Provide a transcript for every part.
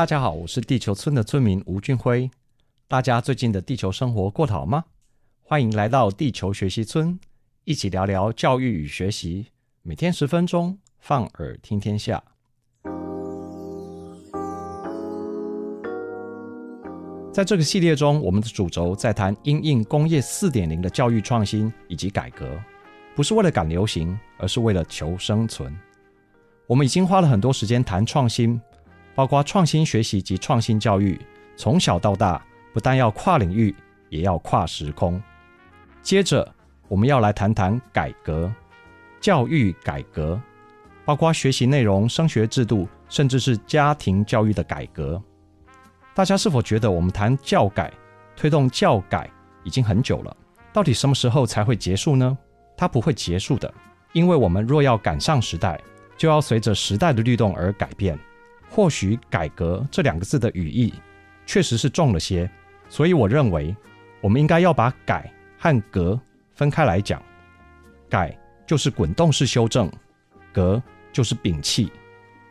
大家好，我是地球村的村民吳俊輝。大家最近的地球生活過得好嗎？歡迎來到地球學習村，一起聊聊教育與學習。每天十分鐘，放耳聽天下。在這個系列中，我們的主軸在談因應工業四點零的教育創新以及改革，不是為了趕流行，而是為了求生存。我們已經花了很多時間談創新。包括創新學習及創新教育，從小到大，不但要跨領域，也要跨時空。接着，我們要來談談改革，教育改革，包括學習內容、升學制度，甚至是家庭教育的改革。大家是否覺得我們談教改、推動教改已經很久了？到底什麼時候才會結束呢？它不會結束的，因為我們若要趕上時代，就要隨着時代的律動而改變。或許“改革”這兩個字的語義確實是重了些，所以我認為我們應該要把“改”和“革”分開來講。“改”就是滾動式修正，“革”就是摒棄。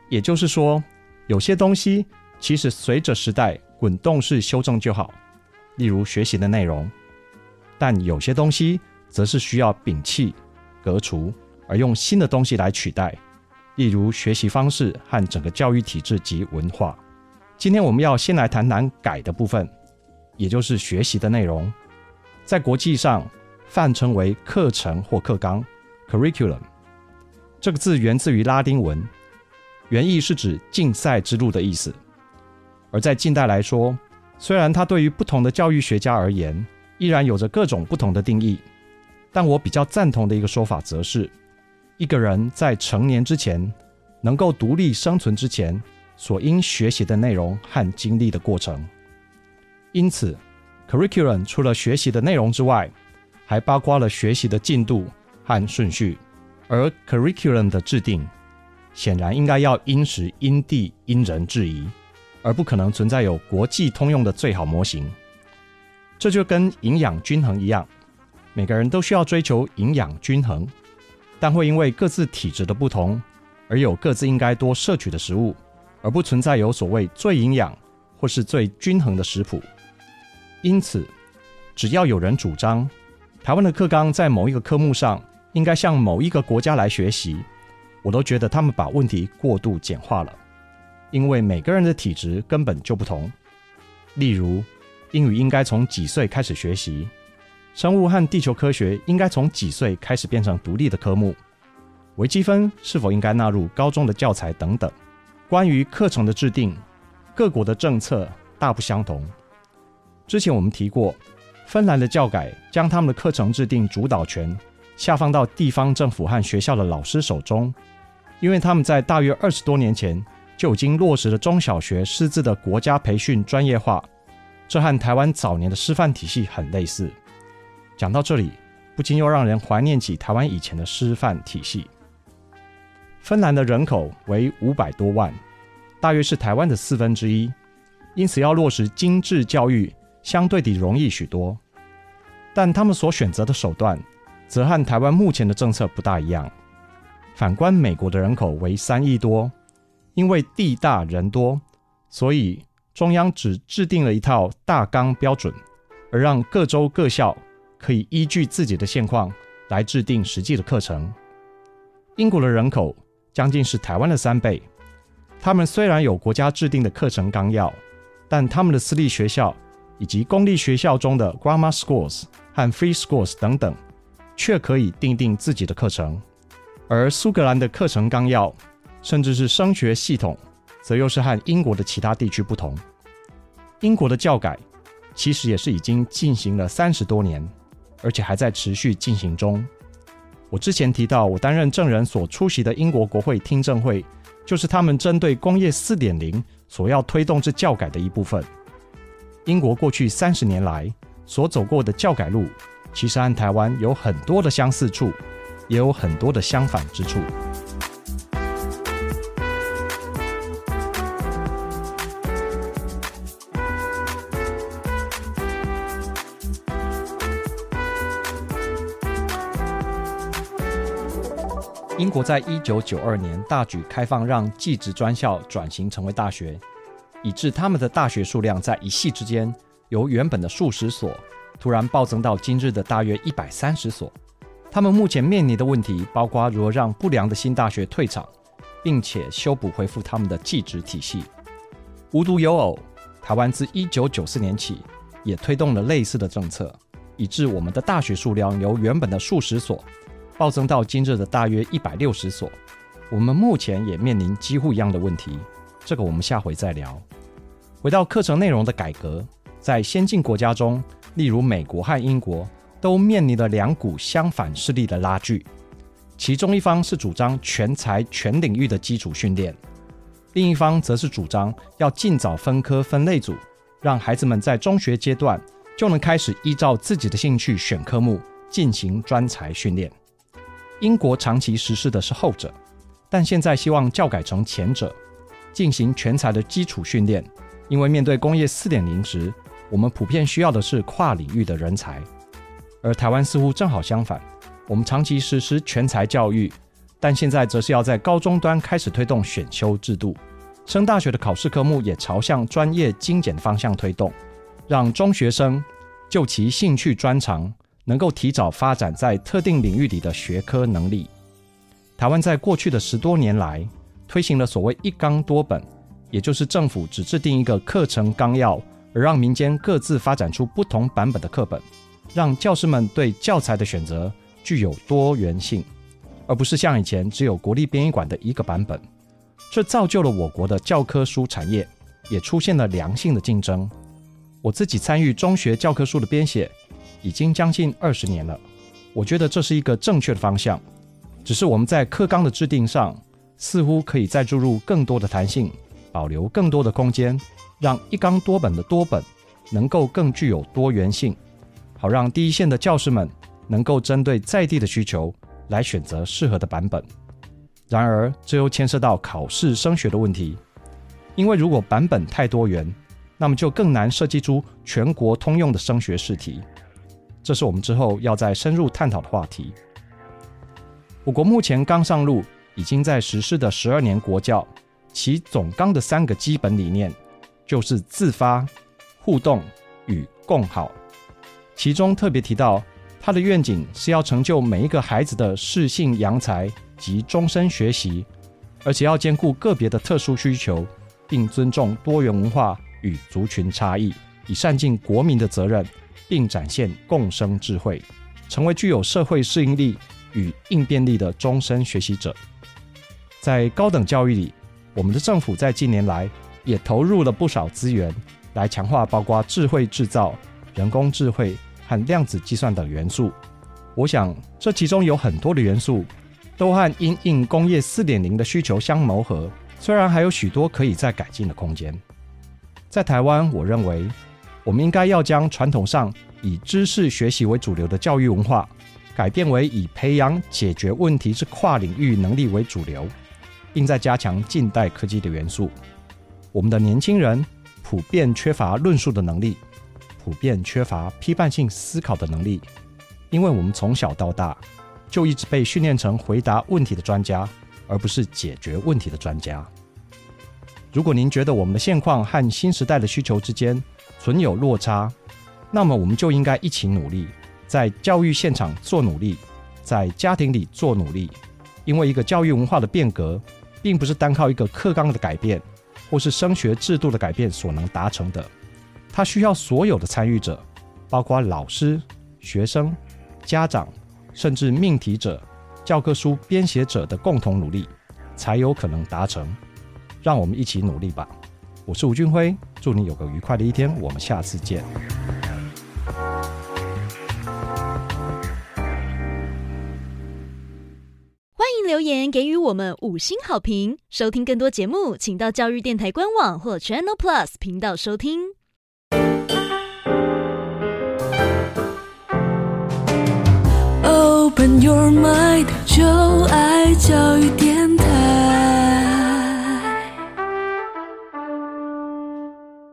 也就是說，有些東西其實隨着時代滾動式修正就好，例如學習的內容；但有些東西則是需要摒棄、革除，而用新的東西來取代。例如學習方式和整個教育體制及文化。今天我們要先來談談改的部分，也就是學習的內容，在國際上泛稱為課程或課綱 （curriculum）。這個字源自於拉丁文，原意是指競賽之路的意思。而在近代來說，雖然它對於不同的教育學家而言依然有着各種不同的定義，但我比較贊同的一個說法則是。一個人在成年之前能夠獨立生存之前，所應學習的內容和經歷的過程。因此，curriculum 除了學習的內容之外，還包括了學習的進度和順序。而 curriculum 的制定，顯然應該要因時因地因人制宜，而不可能存在有國際通用的最好模型。這就跟營養均衡一樣，每個人都需要追求營養均衡。但會因為各自體質的不同，而有各自應該多攝取的食物，而不存在有所謂最營養或是最均衡的食譜。因此，只要有人主張台灣的課綱在某一個科目上應該向某一個國家來學習，我都覺得他們把問題過度簡化了，因為每個人的體質根本就不同。例如，英語應該從幾歲開始學習？生物和地球科學應該從幾歲開始變成獨立的科目？微積分是否應該納入高中的教材？等等，關於課程的制定，各國的政策大不相同。之前我們提過，芬蘭的教改將他們的課程制定主導權下放到地方政府和學校的老師手中，因為他們在大約二十多年前就已經落實了中小學師資的國家培訓專業化，這和台灣早年的師範體系很類似。講到這裡，不禁又讓人懷念起台灣以前的師範體系。芬蘭的人口為五百多萬，大約是台灣的四分之一，因此要落實精致教育相對地容易許多。但他們所選擇的手段，則和台灣目前的政策不大一樣。反觀美國的人口為三億多，因為地大人多，所以中央只制定了一套大綱標準，而讓各州各校，可以依據自己的現況來制定實際的課程。英國的人口將近是台灣的三倍，他們雖然有國家制定的課程綱要，但他們的私立學校以及公立學校中的 grammar schools 和 free schools 等等，卻可以定定自己的課程。而蘇格蘭的課程綱要，甚至是升學系統，則又是和英國的其他地區不同。英國的教改其實也是已經進行了三十多年。而且還在持續進行中。我之前提到，我擔任證人所出席的英國國會聽證會，就是他們針對工業4.0所要推動之教改的一部分。英國過去三十年來所走過的教改路，其實和台灣有很多的相似處，也有很多的相反之處。英國在一九九二年大舉開放，讓技職專校轉型成為大學，以致他們的大學數量在一夕之間由原本的數十所突然暴增到今日的大約一百三十所。他們目前面臨的問題，包括如何讓不良的新大學退場，並且修補恢復他們的技職體系。無獨有偶，台灣自一九九四年起也推動了類似的政策，以致我們的大學數量由原本的數十所暴增到今日的大約一百六十所，我們目前也面臨幾乎一樣的問題，這個我們下回再聊。回到課程內容的改革，在先進國家中，例如美國和英國，都面臨了兩股相反勢力的拉鋸，其中一方是主張全才全領域的基礎訓練，另一方則是主張要盡早分科分類組，讓孩子們在中學階段就能開始依照自己的興趣選科目進行專才訓練。英國長期實施的是後者，但現在希望教改成前者，進行全才的基礎訓練。因為面對工業四點零時，我們普遍需要的是跨領域的人才。而台灣似乎正好相反，我們長期實施全才教育，但現在則是要在高中端開始推動選修制度，升大學的考試科目也朝向專業精簡方向推動，讓中學生就其興趣專長能夠提早發展在特定領域裡的學科能力。台灣在過去的十多年來推行了所謂“一綱多本”，也就是政府只制定一個課程綱要，而讓民間各自發展出不同版本的課本，讓教師們對教材的選擇具有多元性，而不是像以前只有國立編譯館的一個版本。這造就了我國的教科書產業也出現了良性的競爭。我自己參與中學教科書的編寫。已經將近二十年了，我覺得這是一個正確的方向，只是我們在課綱的制定上，似乎可以再注入更多的彈性，保留更多的空間，讓一綱多本的多本能夠更具有多元性，好讓第一線的教師們能夠針對在地的需求來選擇適合的版本。然而，這又牽涉到考試升學的問題，因為如果版本太多元，那麼就更難設計出全國通用的升學試題。這是我們之後要再深入探討的話題。我國目前剛上路、已經在實施的十二年國教，其總綱的三個基本理念就是自發、互動與共好。其中特別提到，它的願景是要成就每一個孩子的適性揚才及終身學習，而且要兼顧個別的特殊需求，並尊重多元文化與族群差異，以善盡國民的責任。並展現共生智慧，成為具有社會適應力與應變力的終身學習者。在高等教育裡，我們的政府在近年來也投入了不少資源，來強化包括智慧製造、人工智慧和量子計算等元素。我想，這其中有很多的元素都和因應工業四點零的需求相謀合，雖然還有許多可以再改進的空間。在台灣，我認為，我們應該要將傳統上以知識學習為主流的教育文化，改變為以培養解決問題之跨領域能力為主流，並再加強近代科技的元素。我們的年輕人普遍缺乏論述的能力，普遍缺乏批判性思考的能力，因為我們從小到大就一直被訓練成回答問題的專家，而不是解決問題的專家。如果您覺得我們的現況和新時代的需求之間，存有落差，那麼我們就應該一起努力，在教育現場做努力，在家庭裡做努力，因為一個教育文化的變革，並不是單靠一個課綱的改變，或是升學制度的改變所能達成的，它需要所有的參與者，包括老師、學生、家長，甚至命題者、教科書編寫者的共同努力，才有可能達成。讓我們一起努力吧！我是吳俊輝。祝你有個愉快的一天，我們下次見。歡迎留言給予我們五星好評，收聽更多節目，請到教育電臺官網或 Channel Plus 頻道收聽。Open your mind，就愛教育電臺。